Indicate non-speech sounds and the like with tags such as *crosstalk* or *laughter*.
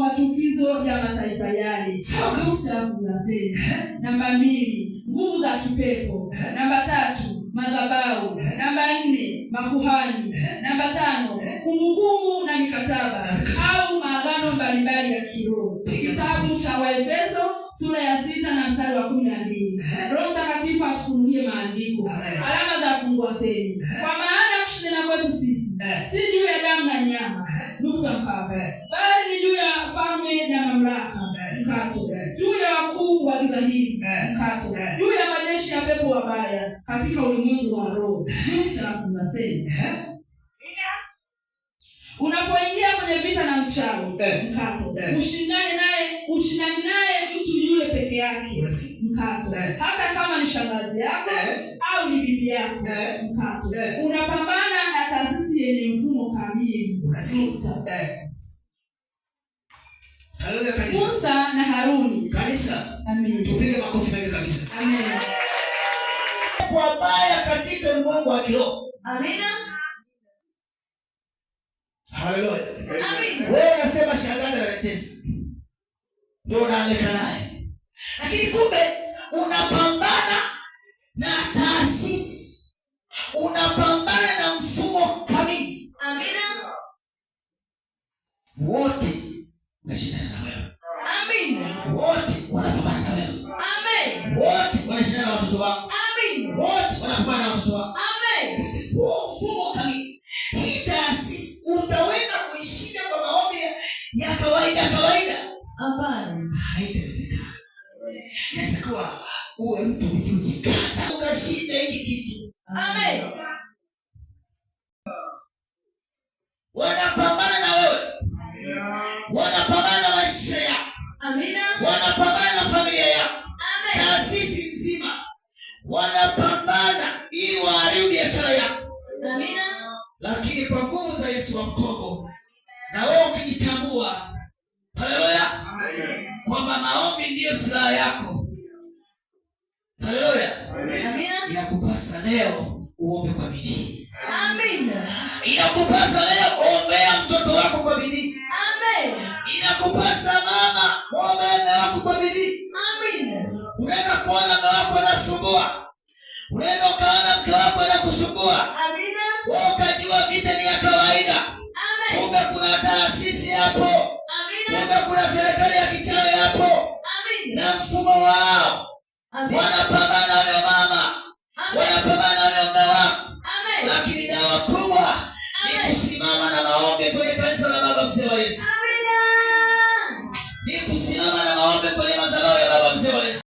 matukizo machukizo ya mataifa yale. *laughs* Namba mbili, nguvu za kipepo. Namba tatu, madhabahu. Namba nne, makuhani. Namba tano, kumbukumbu na mikataba *laughs* au maagano mbalimbali ya kiroho. Kitabu cha Waefeso sura ya sita na mstari wa kumi na mbili. Roho Mtakatifu atufunulie maandiko, alama za fungua zeni Kwa maana kushindana kwetu sisi eh. si juu ya damu na nyama, nukta mpaka, eh. bali mkato eh. juu ya wakuu wa giza hili eh. mkato eh. juu ya majeshi ya pepo wabaya katika ulimwengu wa roho nukta unasema unapoingia kwenye vita na mchawi mkato ushindane naye ushindane naye mtu yule peke yake mkato hata kama ni shangazi yako au ni bibi yako mkato unapambana na taasisi yenye mfumo kamili Haleluya kanisa. Musa na Haruni. Kanisa. Amen. Tupige makofi mengi kabisa. Amen. Kwa baya katika ulimwengu wa kiroho. Amina. Haleluya. Amen. Wewe unasema shangaza na tetesi. Ndio unaangaika naye. Lakini kumbe unapambana na taasisi. Unapambana na mfumo kamili. Amina. Wote umeshindana na wewe. Wote wanapambana na wewe. Wote wanashindana na watoto wako. Wote wanapambana na watoto wako. Usipo mfumo kamili, hii taasisi utaweza kuishinda kwa maombi ya kawaida kawaida? Hapana, haitawezekana. Natakiwa uwe mtu mwenye kujikata, ukashinda hiki kitu. Amen. Wanapambana wanapambana maisha yako, wanapambana familia yako, taasisi nzima wanapambana ili waharibu biashara yako, lakini kwa nguvu za Yesu wa mkomo, na wewe ukijitambua, haleluya, kwamba maombi ndiyo silaha yako, haleluya, inakupasa leo uombe kwa bidii. Amina. Inakupasa leo ombea mtoto wako kwa bidii inampasa mama muombe wako kwa bidii. Unaweza kuona mume wako anasumbua, unaweza ukaona mke wako anakusumbua, ukajua vita ni ya kawaida, kumbe kuna taasisi hapo, kumbe kuna serikali ya kichawi hapo na mfumo wao wanapambana na huyo mama, wanapambana na huyo mume wako, lakini dawa kubwa ni kusimama na maombi kwenye kanisa la Baba Mzee wa Yesu. Simama